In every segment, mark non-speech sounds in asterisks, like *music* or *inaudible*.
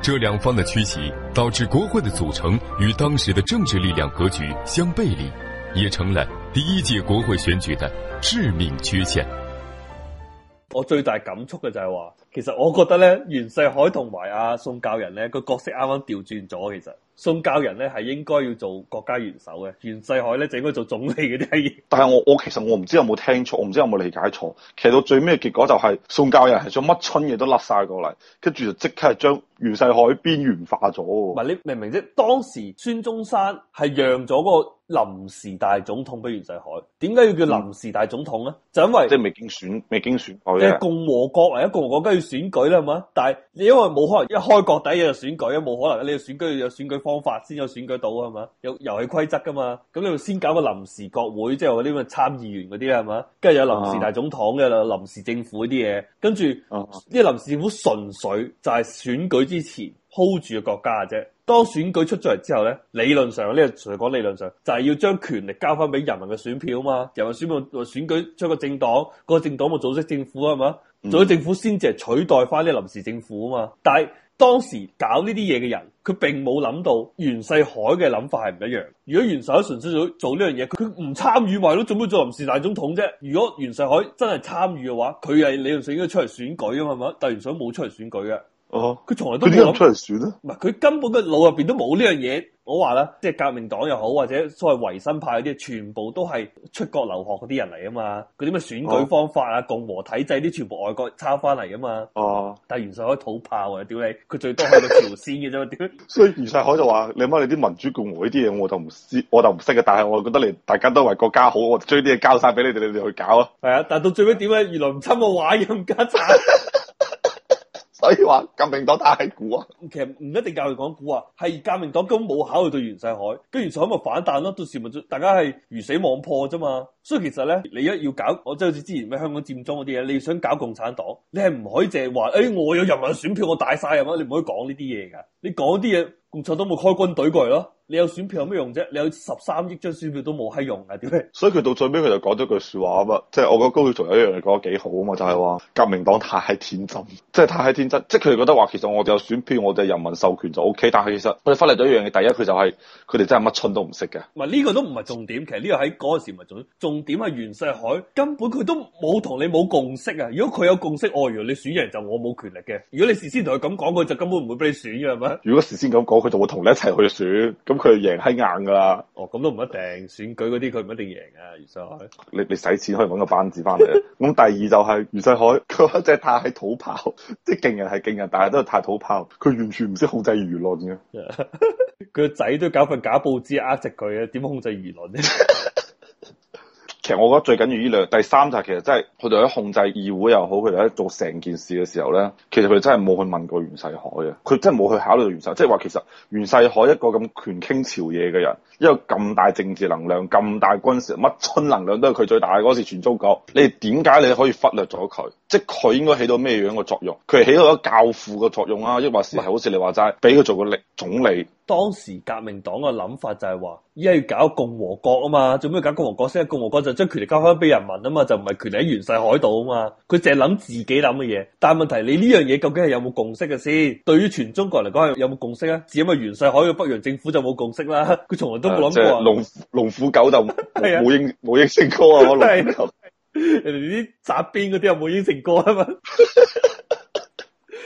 這兩方的缺席，導致國會的組成與當時的政治力量格局相背離，也成了第一屆國會選舉的致命缺陷。我最大感觸嘅就係話。其實我覺得咧，袁世凱同埋阿宋教仁咧，個角色啱啱調轉咗。其實宋教仁咧係應該要做國家元首嘅，袁世凱咧就應該做總理嘅。但係我我其實我唔知有冇聽錯，我唔知有冇理解錯。其實到最尾嘅結果就係宋教仁係將乜春嘢都甩晒過嚟，跟住就即刻係將袁世凱邊緣化咗。唔係，你明唔明？即當時孫中山係讓咗嗰、那個。臨時大總統俾袁世凱，點解要叫臨時大總統咧？嗯、就因為即係未經選，未經選即係共和國，係、啊、一共和國，梗要選舉咧，係嘛？但係你因為冇可能一開國第一日就選舉啊，冇可能。你要選舉，有選舉方法先有選舉到，係嘛？有遊戲規則噶嘛？咁你要先搞個臨時國會，即係話呢啲參議員嗰啲係嘛？跟住有臨時大總統嘅臨時政府啲嘢，跟住呢個臨時政府純粹就係選舉之前，啊啊啊啊啊 hold 住嘅國家啫。當選舉出咗嚟之後咧，理論上呢個純係講理論上，就係要將權力交翻俾人民嘅選票啊嘛。人民選票選舉出個政黨，個政黨咪組織政府啊嘛。組織政府先至係取代翻呢臨時政府啊嘛。但係當時搞呢啲嘢嘅人，佢並冇諗到袁世凱嘅諗法係唔一樣。如果袁世凱純粹做呢樣嘢，佢唔參與埋咯，做咩做臨時大總統啫？如果袁世凱真係參與嘅話，佢係理論上應該出嚟選舉啊嘛。但袁世凱冇出嚟選舉嘅。哦，佢從、uh huh. 來都唔諗出嚟選咯，唔係佢根本個腦入邊都冇呢樣嘢。我話啦，即係革命黨又好，或者所謂維新派嗰啲，全部都係出國留學嗰啲人嚟啊嘛。佢咩嘅選舉方法啊，uh huh. 共和體制啲全部外國抄翻嚟啊嘛。哦、uh，huh. 但係袁世凱土炮啊，屌你？佢最多喺度朝鮮嘅啫，屌？ *laughs* *laughs* 所以袁世凱就話：你乜你啲民主共和呢啲嘢，我就唔知，我就唔識嘅。但係我覺得你大家都為國家好，我將啲嘢交晒俾你哋，你哋去搞啊。係啊，但係到最尾點解原來唔侵我話任加產。所以話革命黨太古啊，其實唔一定教佢講古啊，係革命黨根本冇考慮到袁世凱，跟袁世凱咪反彈咯，到時咪大家係魚死網破啫嘛。所以其實咧，你一要搞，我即係好似之前咩香港佔中嗰啲嘢，你想搞共產黨，你係唔可以淨係話，誒、哎、我有人民選票，我大晒係嘛，你唔可以講呢啲嘢噶，你講啲嘢，共產黨咪開軍隊過嚟咯。你有選票有咩用啫？你有十三億張選票都冇閪用嘅，點解？所以佢到最尾佢就講咗句説話嘛。即、就、係、是、我覺得高曉松有一樣嘢講得幾好啊嘛，就係、是、話革命黨太天真，即、就、係、是、太天真，即係佢哋覺得話其實我哋有選票，我哋人民授權就 O、OK, K，但係其實我哋忽略咗一樣嘢，第一佢就係佢哋真係乜春都唔識嘅。唔，呢個都唔係重點，其實呢個喺嗰個時唔係重重點係袁世凱根本佢都冇同你冇共識啊！如果佢有共識，哦原來你選人就我冇權力嘅，如果你事先同佢咁講，佢就根本唔會俾你選嘅係咪？如果事先咁講，佢就會同你一齊去選咁。嗯佢就贏係硬噶啦。哦，咁都唔一定。選舉嗰啲佢唔一定贏啊。袁世凱，你你使錢可以搵個班子翻嚟。咁 *laughs* 第二就係、是、袁世凱，佢真係太土炮，即係勁人係勁人，但係都係太土炮。佢完全唔識控制輿論嘅。佢個仔都搞份假報紙壓藉佢嘅，點控制輿論？ *laughs* 其實我覺得最緊要呢兩第三就係其實真係佢哋喺控制議會又好，佢哋喺做成件事嘅時候咧，其實佢真係冇去問過袁世凱嘅，佢真係冇去考慮到袁世凱，即係話其實袁世凱一個咁權傾朝野嘅人，一個咁大政治能量、咁大軍事乜春能量都係佢最大，嗰時全中國，你點解你可以忽略咗佢？即係佢應該起到咩樣嘅作用？佢係起到咗教父嘅作用啊，抑或是係好似你話齋俾佢做個力總理？當時革命黨嘅諗法就係話，依家要搞共和國啊嘛，做咩搞共和國？因為共和國就將權力交翻俾人民啊嘛，就唔係權力喺袁世凱度啊嘛。佢淨係諗自己諗嘅嘢，但係問題你呢樣嘢究竟係有冇共識嘅先？對於全中國嚟講，係有冇共識啊？只因為袁世凱嘅北洋政府就冇共識啦。佢從來都冇諗過啊！龍虎狗就冇應冇應承過啊！都係 *laughs* *laughs* 人哋啲雜邊嗰啲有冇應承過啊？ *laughs* 人家 *laughs*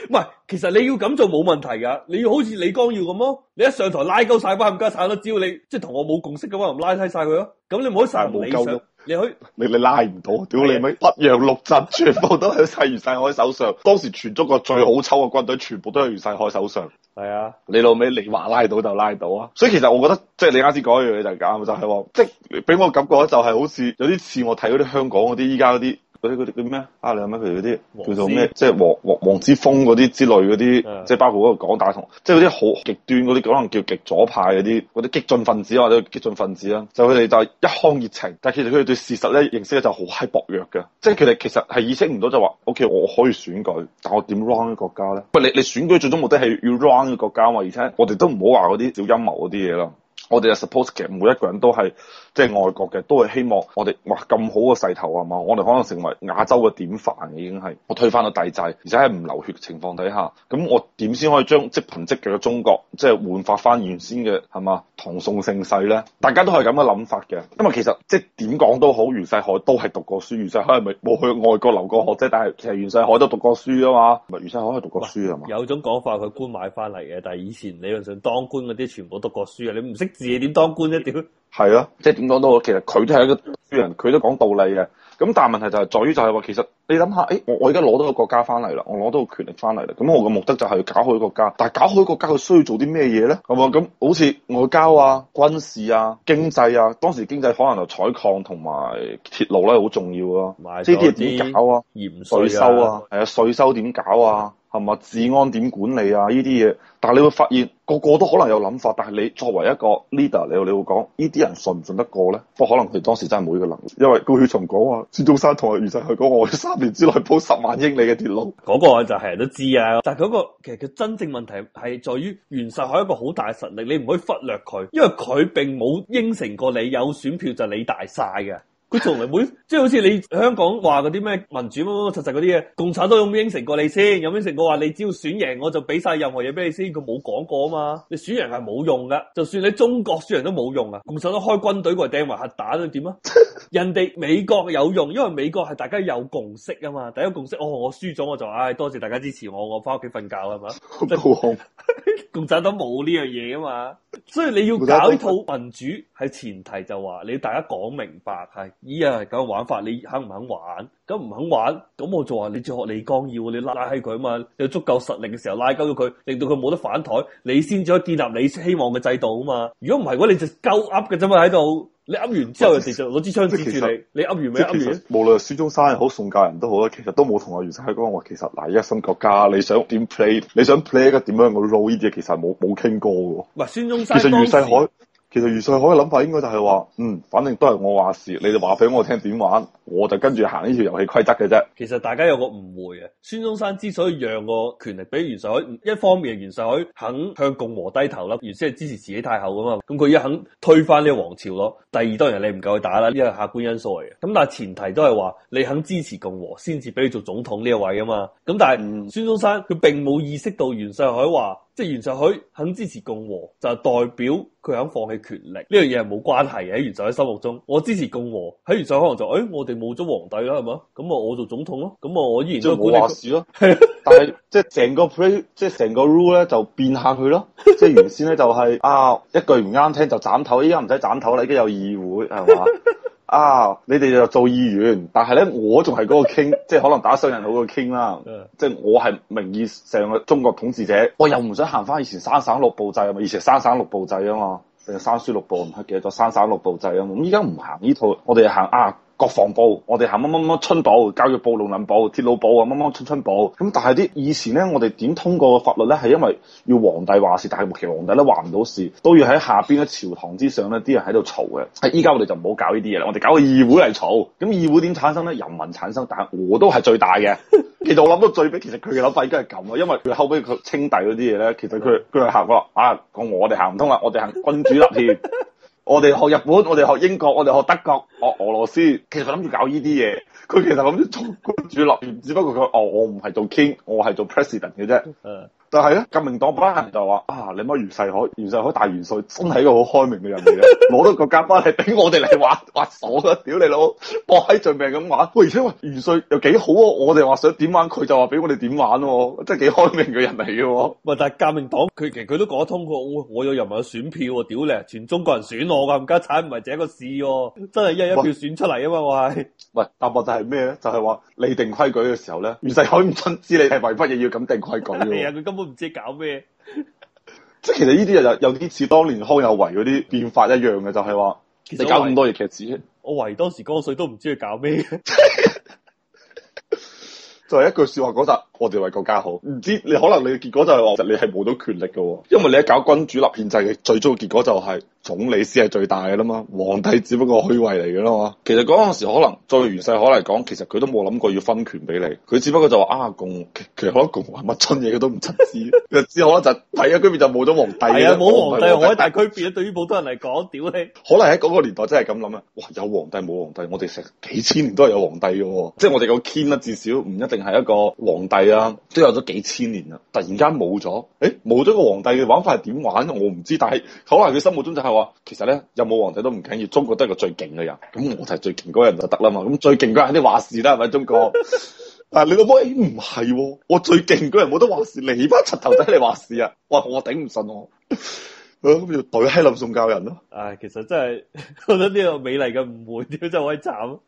唔係，其實你要咁做冇問題噶，你要好似李光耀咁咯。你一上台拉高晒，話唔加晒得，只要你即係同我冇共識嘅話，唔拉低晒佢咯。咁你唔好成日冇溝咯。你去，你你拉唔到，屌你咪北洋六鎮全部都喺晒袁世凱手上。當時全中國最好抽嘅軍隊，全部都喺袁世凱手上。係啊，你老味你話拉到就拉到啊。所以其實我覺得，即係你啱先講一樣嘢就係啱，就係話即係俾我感覺就係好似有啲似我睇嗰啲香港嗰啲依家嗰啲。嗰啲啲叫咩啊？你有咩？佢哋嗰啲叫做咩？即係黃黃黃之鋒嗰啲之類嗰啲，即係 Yeah. 包括嗰個港大同，即係嗰啲好極端嗰啲，可能叫極左派嗰啲，嗰啲激進分子或者激進分子啦。就佢哋就係一腔熱情，但係其實佢哋對事實咧認識咧就好閪薄弱嘅。即係佢哋其實係意識唔到，就話 O K，我可以選舉，但我點 run 個國家咧？唔係你你選舉最終目的係要 run 個國家嘛？而且我哋都唔好話嗰啲小陰謀嗰啲嘢啦。我哋係 suppose 嘅，每一個人都係。即係外國嘅，都係希望我哋，哇咁好嘅勢頭啊嘛！我哋可能成為亞洲嘅典範，已經係我推翻到帝制，而且喺唔流血嘅情況底下，咁我點先可以將積貧積弱嘅中國，即係煥發翻原先嘅係嘛唐宋盛世咧？大家都係咁嘅諗法嘅，因為其實即係點講都好，袁世凱都係讀過書，袁世凱係咪冇去外國留過學啫？但係其實袁世凱都讀過書啊嘛，唔係袁世凱係讀過書啊嘛？有種講法佢官買翻嚟嘅，但係以前理論上當官嗰啲全部讀過書啊！你唔識字你點當官啫？屌！係啊，即係點講都好，其實佢都係一個書人，佢都講道理嘅。咁但係問題就係在於就係、是、話，其實你諗下，誒、欸，我我而家攞到個國家翻嚟啦，我攞到個權力翻嚟啦。咁我嘅目的就係要搞好個國家。但係搞好個國家，佢需要做啲咩嘢咧？係嘛？咁好似外交啊、軍事啊、經濟啊，當時經濟可能就採礦同埋鐵路咧，好重要啊。咯。呢啲點搞啊？鹽稅、啊、收啊？係啊，稅收點搞啊？係咪？是是治安點管理啊？呢啲嘢，但係你會發現個個都可能有諗法，但係你作為一個 leader，你又你會講呢啲人信唔信得過咧？可能佢哋當時真係冇呢個能力，因為高曉松講話，孫中山同袁世凱講，我三年之內鋪十萬英里嘅鐵路，嗰 *laughs* 個就係人都知啊。但係、那、嗰個其實佢真正問題係在於袁世凱一個好大嘅實力，你唔可以忽略佢，因為佢並冇應承過你有選票就你大晒嘅。佢從來冇，即係好似你香港話嗰啲咩民主乜乜乜實實嗰啲嘢，共產黨有冇應承過你先？有冇應承過話你，你只要選贏我就俾晒任何嘢俾你先？佢冇講過啊嘛！你選贏係冇用噶，就算你中國選贏都冇用啊！共產黨開軍隊過嚟掟埋核彈，你點啊？人哋美國有用，因為美國係大家有共識啊嘛。第一共識，我、哦、我輸咗我就唉、哎，多謝大家支持我，我翻屋企瞓覺係咪啊？冇 *laughs* 共產黨冇呢樣嘢啊嘛，所以你要搞套民主，係前提就話你要大家講明白係。咦啊，咁嘅玩法你肯唔肯玩？咁唔肯玩，咁我就話！你再學李光耀，你拉起佢啊嘛！有足夠實力嘅時候拉鳩咗佢，令到佢冇得反台，你先至可以建立你希望嘅制度啊嘛！如果唔係，如果你就鳩噏嘅啫嘛，喺度你噏完之後，就直接攞支槍指住你，即你噏完未？噏完。無論孫中山又好，宋教仁都好，其實都冇同阿袁世凱講話。其實嗱，一心國家，你想點 play？你想 play 一個點樣嘅路？呢啲嘢其實冇冇傾過嘅喎。唔係孫中山。其實袁世凱。實其實袁世凱嘅諗法應該就係話，嗯，反正都係我話事，你就話俾我聽點玩，我就跟住行呢條遊戲規則嘅啫。其實大家有個誤會嘅，孫中山之所以讓個權力俾袁世凱，一方面係袁世凱肯向共和低頭啦，原先係支持慈禧太后噶嘛，咁佢一肯推翻呢個王朝咯。第二當然你唔夠去打啦，呢個係客觀因素嚟嘅。咁但係前提都係話，你肯支持共和，先至俾你做總統呢位啊嘛。咁但係孫中山佢並冇意識到袁世凱話。即係袁世凱肯支持共和，就係、代表佢肯放棄權力。呢樣嘢係冇關係嘅。喺袁世凱心目中，我支持共和，喺袁世凱可能就誒、哎，我哋冇咗皇帝啦，係嘛？咁啊，我做總統咯，咁啊，我依然做管事咯。 *laughs* 但係即係成個 play 即係成個 rule 咧，就變下佢咯。即係原先咧就係、是、 *laughs* 啊，一句唔啱聽就斬頭，依家唔使斬頭啦，已經有議會係嘛？ *laughs* 啊！你哋就做議員，但係咧我仲係嗰個傾， *laughs* 即係可能打商人好嘅傾啦。 *laughs* 即係我係名義上嘅中國統治者。我又唔想行翻以前三省六部制啊嘛，以前三省六部制啊嘛，定係三書六部，唔記得咗三省六部制啊嘛。咁依家唔行呢套，我哋就行啊。國防部，我哋行乜乜乜春部、教育部、農林部、鐵路部，啊，乜乜春春部。咁但係啲以前咧，我哋點通過法律咧，係因為要皇帝話事，但係其實皇帝都話唔到事，都要喺下邊嘅朝堂之上咧，啲人喺度嘈嘅。依家我哋就唔好搞呢啲嘢啦，我哋搞個議會嚟嘈。咁議會點產生咧？人民產生，但係我都係最大嘅。其實我諗到最屘，其實佢嘅諗法應該係咁啦。因為後屘佢稱帝嗰啲嘢咧，其實佢佢係行啊，講我哋行唔通啊，我哋行君主立憲。 *laughs* 我哋學日本，我哋學英國，我哋學德國，學俄羅斯，其實諗住搞呢啲嘢。佢其實諗住做君主立憲，只不過佢哦，我唔係做 king，我係做 president 嘅啫。就係咯、啊，革命黨班人就話啊，你乜袁世凱？袁世凱大元帥真係一個好開明嘅人嚟嘅，攞咗 *laughs* 個金牌嚟俾我哋嚟玩玩傻嘅，屌你老！搏喺盡命咁玩，喂、哎，而且喂，袁帥又幾好啊。我哋話想點玩，佢就話俾我哋點玩喎、啊，真係幾開明嘅人嚟嘅、啊。喂，但係革命黨佢其實佢都講得通嘅，我有人民嘅選票屌你，全中國人選我㗎，冚家鏟唔係淨一個市喎、啊，真係一人一票選出嚟啊嘛，我喂，答案就係咩咧？就係話你定規矩嘅時候咧，袁世凱唔親知你係為乜嘢要咁定規矩。 *laughs* 啊，佢根本。都唔知搞咩，即係其實呢啲又又有啲似當年康有為嗰啲變法一樣嘅，就係、是、話你搞咁多嘢劇史，我為當時江水都唔知佢搞咩， *laughs* 就係一句說話嗰集。我哋為國家好，唔知你可能你嘅結果就係話，你係冇到權力嘅、哦，因為你一搞君主立憲制嘅最終嘅結果就係總理先係最大嘅啦嘛，皇帝只不過虛位嚟嘅啦嘛。其實嗰陣時可能作在袁世凱嚟講，其實佢都冇諗過要分權俾你，佢只不過就話啊共其，其實可一共係乜春嘢佢都唔出知，知，之 *laughs* 只可一就係一區別就冇咗皇， *laughs* 皇帝。係啊，冇皇帝好一帝大區別啊！但對於好多人嚟講，屌你，可能喺嗰個年代真係咁諗啊！有皇帝冇皇帝，我哋成幾千年都係有皇帝嘅喎、哦，即係我哋個 king 啊，至少唔一定係一個皇帝、啊都有咗幾千年啦，突然間冇咗，誒、欸，冇咗個皇帝嘅玩法係點玩？我唔知，但係可能佢心目中就係話，其實咧有冇皇帝都唔緊要，中國都係個最勁嘅人，咁我係最勁嗰人就得啦嘛，咁最勁嗰人係你話事啦，係咪中國？但係你個威唔係喎，我最勁嗰人冇得話事，你班柒頭仔你話事啊？哇，我頂唔順我。咁就懟閪林宋教仁咯。唉、啊，其實真係，覺，我覺得呢個美麗嘅誤會真係可以慘。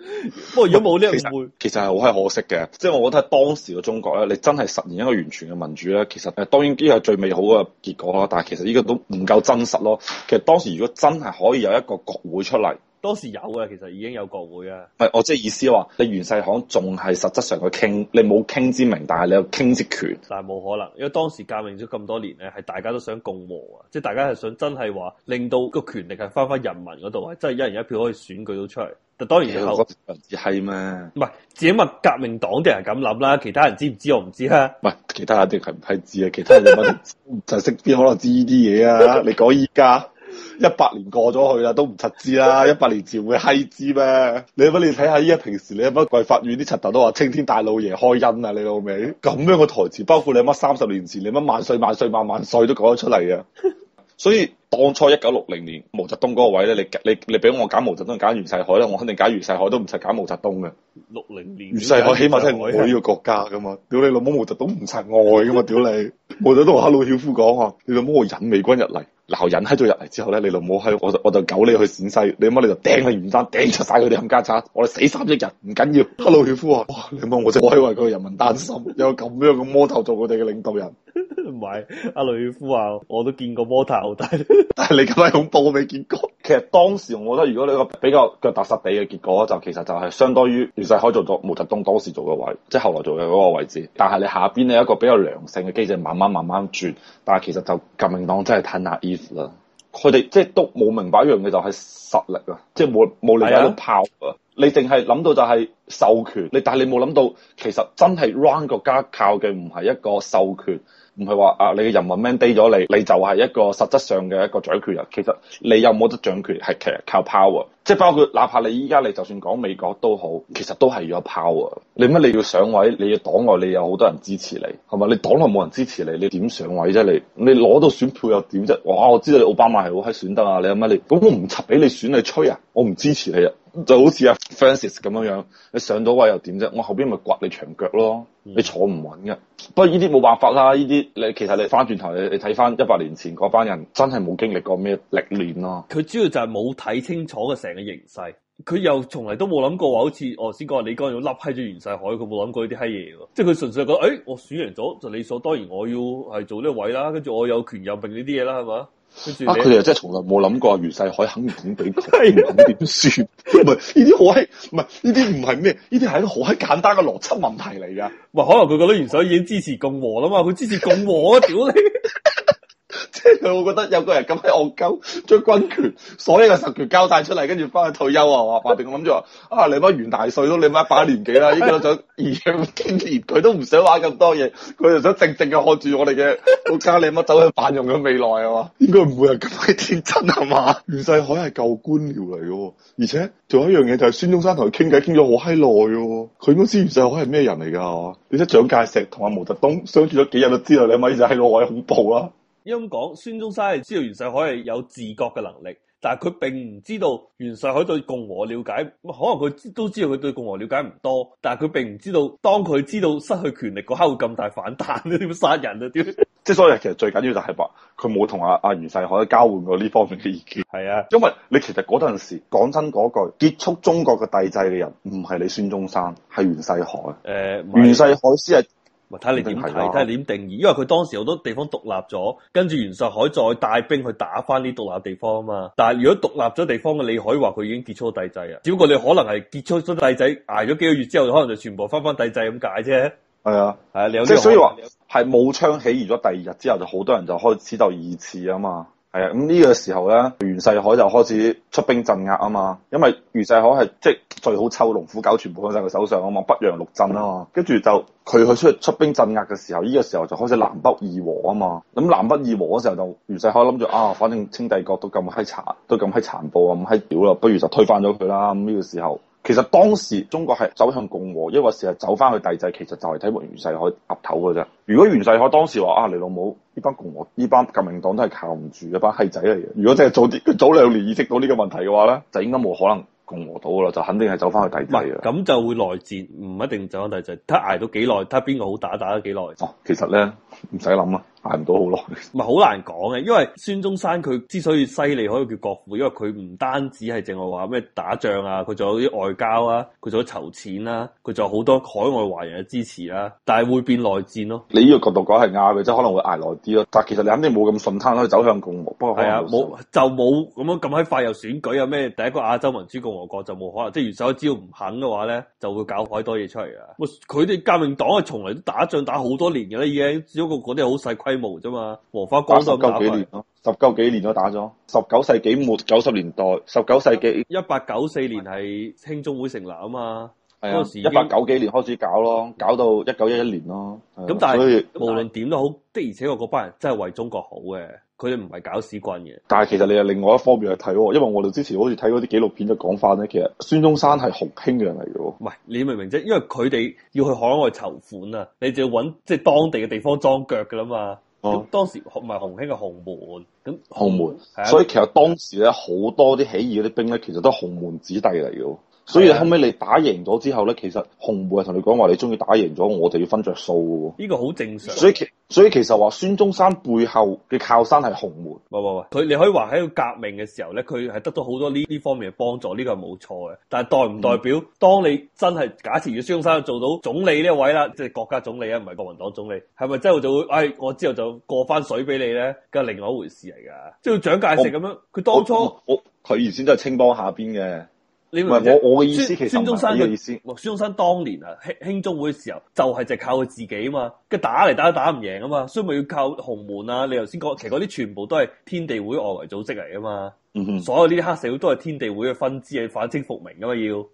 不過如果冇呢個誤會，其實係好閪可惜嘅。即係我覺得喺當時嘅中國咧，你真係實現一個完全嘅民主咧，其實誒，當然呢個係最美好嘅結果啦。但係其實呢個都唔夠真實咯。其實當時如果真係可以有一個國會出嚟。當時有嘅，其實已經有國會啊。唔，我即係意思話，你袁世凱仲係實質上去傾，你冇傾之名，但係你有傾之權。但係冇可能，因為當時革命咗咁多年咧，係大家都想共和啊，即係大家係想真係話令到個權力係翻返人民嗰度，啊，即係一人一票可以選舉到出嚟。但當然以後，文治閪嘛。唔係，只問革命黨啲人咁諗啦，其他人知唔知我唔知啦。唔係，其他一定係唔係知啊？其他人就識邊可能知呢啲嘢啊？你講依家。 *laughs* 一百年過咗去啦，都唔執知啦！一百年前會閪知咩？你俾你睇下依家平時你乜貴法院啲柒頭都話青天大老爺開恩啊！你老味？咁樣嘅台詞，包括你乜三十年前你乜萬歲萬歲萬萬歲都講得出嚟嘅。所以當初一九六零年，毛澤東嗰個位咧，你你你俾我揀毛澤東揀袁世凱咧，我肯定揀袁世凱都唔使揀毛澤東嘅。六零年，袁世凱起碼都係我呢個國家噶嘛？屌你老母毛澤東唔擦外噶嘛？屌你！毛澤東同赫魯曉夫講啊，你老母我引美軍入嚟。鬧人喺度入嚟之後咧，你老母喺我，我就狗你去陝西，你乜你就掟去遠山，掟出晒佢哋冚家鏟，我哋死三億人唔緊要。赫魯曉夫啊，哇， *laughs* *laughs* 你幫我就我係為佢人民擔心，有咁樣嘅魔頭做佢哋嘅領導人，唔係赫魯曉夫啊，我都見過魔頭，但係 *laughs* 但係你咁鬼恐怖，我未見過。其實當時，我覺得如果你個比較腳踏實地嘅結果，就其實就係相當於袁世凱做咗毛澤東當時做嘅位，即係後來做嘅嗰個位置。但係你下邊呢一個比較良性嘅機制，慢慢慢慢轉。但係其實就革命黨真係太 naive 啦，佢哋即係都冇明白一樣嘢，就係實力啊，即係冇冇力量去拋啊。你淨係諗到就係授權，但你但係你冇諗到其實真係 run 國家靠嘅唔係一個授權。唔係話啊，你嘅人民 mandate 咗你，你就係一個實質上嘅一個掌權人。其實你有冇得掌權，係其實靠 power。即係包括，哪怕你依家你就算講美國都好，其實都係要有 power。你乜你要上位，你要黨內你有好多人支持你，係咪？你黨內冇人支持你，你點上位啫？你你攞到選票又點啫？哇，我知道你奧巴馬係好閪選得啊！你有乜你咁我唔插俾你選你吹啊？我唔支持你啊！就好似阿 Francis 咁樣樣，你上到位又點啫？我後邊咪刮你牆腳咯，你坐唔穩嘅。不過依啲冇辦法啦，依啲你其實你翻轉頭，你你睇翻一百年前嗰班人真係冇經歷過咩歷練咯。佢主要就係冇睇清楚嘅成嘅形勢，佢又從來都冇諗過話，好似我先講話李剛要甩閪咗袁世凱，佢冇諗過呢啲閪嘢即係佢純粹係覺得，誒、欸，我選贏咗就理所當然，我要係做呢位啦，跟住我有權有柄呢啲嘢啦，係嘛？跟住，佢哋又真係從來冇諗過袁世凱肯唔 *laughs* 肯俾佢，唔肯點算？唔係呢啲好閪，唔係呢啲唔係咩？呢啲係一個好閪簡單嘅邏輯問題嚟噶。唔可能佢覺得袁世凱已經支持共和啦嘛，佢支持共和啊？屌你！我覺得有個人咁喺惡鳩，將軍權、所有嘅實權交曬出嚟，跟住翻去退休啊！話話定我諗住話啊，你乜袁大帥都你乜把年紀啦？應該想二兩幾年，佢都唔想玩咁多嘢，佢就想靜靜嘅看住我哋嘅國家，你乜走向繁榮嘅未來啊？嘛，應該唔會係咁嘅天真係嘛？袁世凱係舊官僚嚟嘅，而且仲有一樣嘢就係孫中山同佢傾偈傾咗好閪耐嘅。佢都知袁世凱係咩人嚟㗎？你睇蔣介石同阿毛澤東相處咗幾日，就知道你阿媽就係內外恐怖啊！因為咁講，孫中山係知道袁世凱係有自覺嘅能力，但係佢並唔知道袁世凱對共和了解，可能佢都知道佢對共和了解唔多，但係佢並唔知道當佢知道失去權力嗰刻會咁大反彈，點殺人啊？點即係所以，其實最緊要就係話佢冇同阿阿袁世凱交換過呢方面嘅意見。係啊，因為你其實嗰陣時講真嗰句，結束中國嘅帝制嘅人唔係你孫中山，係袁世凱。誒、呃，袁世凱先係。咪睇你點睇，睇下點定義，因為佢當時好多地方獨立咗，跟住袁世凱再帶兵去打翻呢獨立地方啊嘛。但係如果獨立咗地方嘅你可以話，佢已經結束帝制啊。只不過你可能係結束咗帝制，挨咗幾個月之後，可能就全部翻翻帝制咁解啫。係啊，係啊，你即所以話係武昌起義咗第二日之後，就好多人就開始鬥二次啊嘛。係啊，咁呢、嗯、這個時候咧，袁世凱就開始出兵鎮壓啊嘛，因為袁世凱係即係最好抽龍虎狗全部喺曬佢手上啊嘛，北洋六鎮啊嘛，跟住就佢去出出兵鎮壓嘅時候，呢、這個時候就開始南北二和啊嘛，咁、嗯、南北二和嘅時候就袁世凱諗住啊，反正清帝國都咁閪殘，都咁閪殘暴啊，咁閪屌啦，不如就推翻咗佢啦，咁、嗯、呢、這個時候。其實當時中國係走向共和，抑或係走翻去帝制，其實就係睇埋袁世凱岌頭嘅啫。如果袁世凱當時話啊，你老母呢班共和呢班革命黨都係靠唔住嘅班閪仔嚟嘅，如果真係早啲早兩年意識到呢個問題嘅話咧，就應該冇可能共和到噶啦，就肯定係走翻去帝制啦。咁、啊、就會內戰，唔一定走翻帝制。睇挨到幾耐，睇下邊個好打，打咗幾耐。其實咧。唔使諗啊，挨唔到好耐。唔係好難講嘅，因為孫中山佢之所以犀利可以叫國父，因為佢唔單止係淨係話咩打仗啊，佢仲有啲外交啊，佢仲有籌錢啦，佢仲有好多海外華人嘅支持啦、啊。但係會變內戰咯、啊。你呢個角度講係啱嘅，即係可能會挨耐啲咯。但係其實你肯定冇咁順攤可以走向共和。不過係啊，冇、啊、就冇咁樣咁閪快又選舉啊咩？第一個亞洲民主共和國就冇可能，即係袁世凱只要唔肯嘅話咧，就會搞好多嘢出嚟啊。佢哋革命黨係從嚟都打仗打好多年嘅啦，已經。不過嗰啲好細規模啫嘛，黃花崗都打過，十九幾年咯，十九幾年都打咗，十九世紀末九十年代，十九世紀一八九四年係興中會成立啊嘛。嗰時一八九幾年開始搞咯，搞到一九一一年咯。咁但係佢哋無論點都好，的而且確嗰班人真係為中國好嘅，佢哋唔係搞屎棍嘅。但係其實你又另外一方面去睇喎，因為我哋之前好似睇嗰啲紀錄片就講翻咧，其實孫中山係洪興嘅人嚟嘅。唔係你明唔明啫？因為佢哋要去海外籌款啊，你就要揾即係當地嘅地方裝腳㗎啦嘛。咁、啊、當時唔係洪興嘅洪門，咁洪門係啊。所以其實當時咧好係啊多啲起義嗰啲兵咧，其實都係洪門子弟嚟嘅。所以後尾你打贏咗之後咧，其實紅門係同你講話，你中意打贏咗，我就要分着數嘅。呢個好正常所。所以其所以其實話孫中山背後嘅靠山係紅門，唔係唔係唔係，佢你可以話喺個革命嘅時候咧，佢係得到好多呢呢方面嘅幫助，呢個係冇錯嘅。但係代唔代表當你真係假設住孫中山做到總理呢位啦，即係、嗯、國家總理啊，唔係國民黨總理，係咪之後就會誒、哎，我之後就過翻水俾你咧？咁係另外一回事嚟噶，即係蔣介石咁樣，佢我當初佢原先都係青幫下邊嘅。唔係我我嘅意，孫意思，其實孫中山嘅意思，孫中山當年啊，興興中會嘅時候就係、是、就靠佢自己啊嘛，跟住打嚟打都打唔贏啊嘛，所以咪要靠洪門啊，你頭先講，其實嗰啲全部都係天地會外圍組織嚟啊嘛，嗯、哼所有呢啲黑社會都係天地會嘅分支，係反清復明啊嘛要。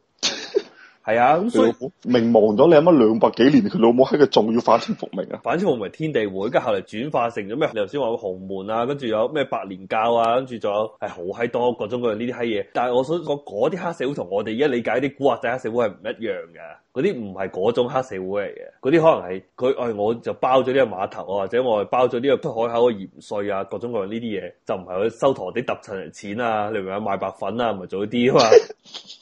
*laughs* 係啊，咁所以，所以明亡咗，你有乜兩百幾年，佢老母喺佢仲要反清復明啊！反清復明天地會，跟住後嚟轉化成咗咩？你頭先話洪門啊，跟住有咩白蓮教啊，跟住仲有係好閪多各種各樣呢啲閪嘢。但係我想講嗰啲黑社會同我哋而家理解啲古惑仔黑社會係唔一樣嘅。嗰啲唔係嗰種黑社會嚟嘅，嗰啲可能係佢誒，我就包咗呢個碼頭啊，或者我係包咗呢個出海口嘅鹽稅啊，各種各樣呢啲嘢就唔係去收陀地啲揼人錢啊，你明唔明啊？賣白粉啊，咪做啲啊嘛。 *laughs*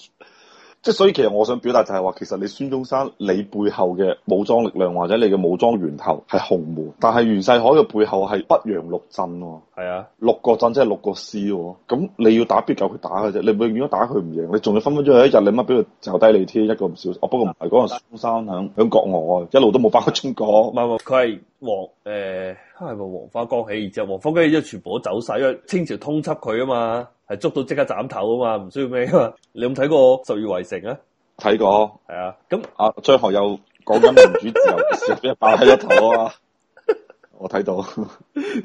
所以其實我想表達就係話，其實你孫中山你背後嘅武裝力量或者你嘅武裝源頭係洪門，但係袁世凱嘅背後係北洋六鎮喎。係啊，六個鎮即係六個師喎。咁你要打必夠佢打嘅啫。你永遠都打佢唔贏，你仲要分分鐘有一日你乜俾佢掉低你添，一個唔少。哦，不過唔係，嗰陣孫中山響響國外一路都冇返過中國。唔係佢係黃誒，係、呃、黃花崗起然之後黃花崗起義全部走晒，因為清朝通緝佢啊嘛。係捉到即刻斬頭啊嘛，唔需要咩噶嘛。你有冇睇過，過《十月圍城》啊？睇過，係啊。咁阿張學友講緊民主自由嘅時候，俾人爆低咗頭啊嘛。我睇到，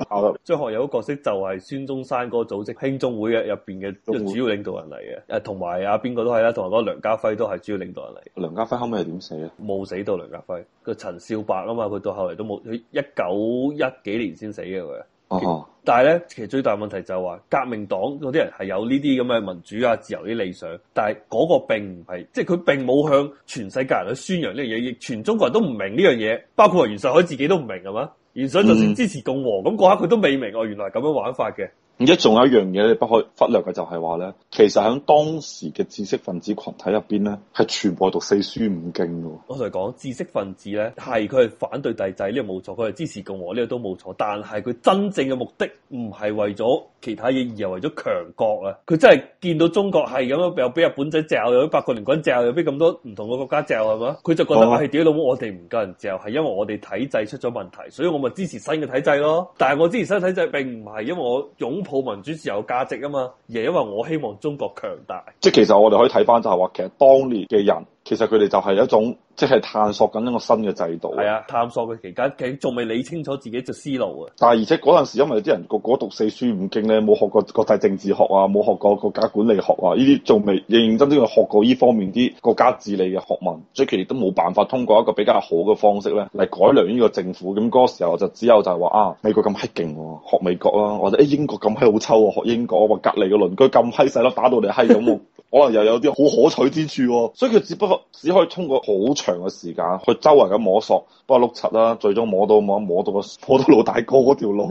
爆頭。張學友嘅角色就係孫中山嗰個組織興中會嘅入邊嘅主要領導人嚟嘅，誒、啊，同埋阿邊個都係啦，啊，同埋嗰個梁家輝都係主要領導人嚟。梁家輝後尾係點死？冇死到梁家輝，個陳少白啊嘛，佢到後嚟都冇，佢一九一幾年先死嘅佢。他他哦，但係咧，其實最大問題就係話革命黨嗰啲人係有呢啲咁嘅民主啊、自由啲理想，但係嗰個並唔係，即係佢並冇向全世界人去宣揚呢樣嘢，全中國人都唔明呢樣嘢，包括袁世凱自己都唔明啊嘛，袁世凱就算支持共和，咁嗰刻佢都未明哦，原來係咁樣玩法嘅。而家仲有一樣嘢你不可忽略嘅就係話咧，其實喺當時嘅知識分子群體入邊咧，係全部係讀四書五經嘅。我同你講，知識分子咧係佢係反對帝制呢個冇錯，佢係支持共和呢個都冇錯，但係佢真正嘅目的唔係為咗其他嘢，而係為咗強國啊！佢真係見到中國係咁樣又俾日本仔嚼，又俾八國聯軍嚼，又俾咁多唔同嘅國家嚼係嘛？佢就覺得我係屌老母，我哋唔夠人嚼係因為我哋體制出咗問題，所以我咪支持新嘅體制咯。但係我支持新體制並唔係因為我擁抱民主自有價值啊嘛，而因為我希望中國強大。即係其實我哋可以睇翻就係話，其實當年嘅人，其實佢哋就係一種，即係探索緊一個新嘅制度。係啊，探索嘅期間，竟仲未理清楚自己嘅思路啊。但係而且嗰陣時，因為啲人個個讀四書五經咧，冇學過國際政治學啊，冇學過國家管理學啊，呢啲仲未認認真真去學過呢方面啲國家治理嘅學問，所以佢哋都冇辦法通過一個比較好嘅方式咧嚟改良呢個政府。咁嗰時候就只有就係話啊，美國咁閪勁，學美國咯；或者誒英國咁閪好抽，學英國；話隔離嘅鄰居咁閪細粒，打到你閪咁。 *laughs* 可能又有啲好可取之處喎、哦，所以佢只不過只可以通過好長嘅時間去周圍咁摸索，不過碌柒啦，最終摸到冇摸到個破到老大哥嗰條路。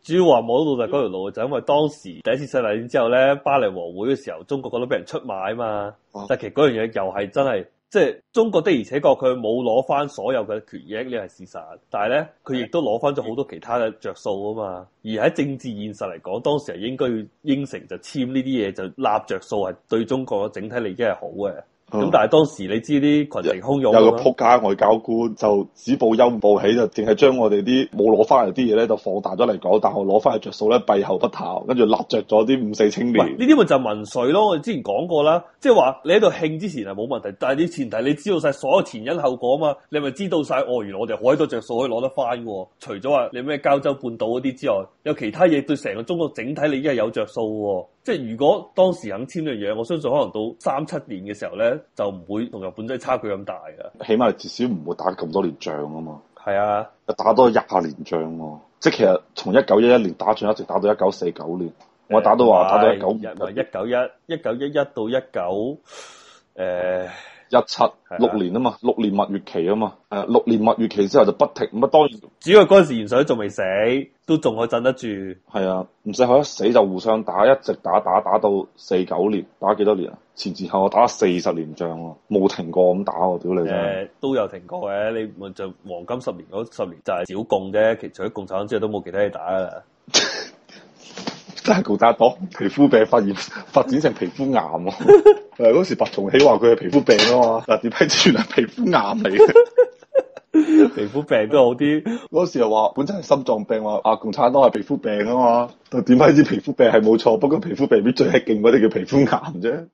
主要話摸到老大哥條路， *laughs* 路，就係、因為當時第一次世界大戰之後咧，巴黎和會嘅時候，中國覺得俾人出賣啊嘛，但、啊、其實嗰樣嘢又係真係。即係中國的而且確佢冇攞翻所有嘅權益呢係事實，但係咧佢亦都攞翻咗好多其他嘅着數啊嘛。而喺政治現實嚟講，當時係應該要應承就簽呢啲嘢就立着數係對中國嘅整體利益係好嘅。咁、嗯、但係當時你知啲群情洶湧，有個仆街外交官就只報憂唔報喜，就淨係將我哋啲冇攞翻嚟啲嘢咧，就放大咗嚟講。但係我攞翻嚟着數咧，閉口不談，跟住立着咗啲五四青年。呢啲咪就民粹咯？我哋之前講過啦，即係話你喺度慶之前係冇問題，但係你前提你知道晒所有前因後果啊嘛？你咪知道曬、哦、原來我哋我喺度著數可以攞得翻嘅？除咗話你咩膠州半島嗰啲之外，有其他嘢對成個中國整體你依家係有着數喎。即係如果當時肯簽一樣嘢，我相信可能到三七年嘅時候咧，就唔會同日本仔差距咁大㗎！起碼至少唔會打咁多年仗啊嘛。係啊，打多廿年仗喎，即係其實從一九一一年打仗一直打到一九四九年，嗯、我打到話打到一九五一九一，一九一一到一九誒。一七六年啊嘛，六年蜜月期啊嘛，誒，六年蜜月期之後就不停，咁啊當然，主要嗰陣時袁世凱仲未死，都仲可以鎮得住。係啊，唔使話一死就互相打，一直打打打到四九年，打幾多年啊？前前後後打四十年仗喎，冇停過咁打喎，屌你！誒、欸，都有停過嘅，你咪就黃金十年嗰十年就係、是、小共啫，其實除咗共產黨之外都冇其他嘢打噶。 *laughs* 真係共產黨皮膚病發現發展成皮膚癌啊！誒，嗰時白崇禧話佢係皮膚病啊嘛，但點解原來皮膚癌嚟？ *laughs* *laughs* 皮膚病都好啲。嗰 *laughs* 時又話本身係心臟病，話啊共產黨係皮膚病啊嘛，但點解知皮膚病係冇錯？不過皮膚病比最吃勁嗰啲叫皮膚癌啫。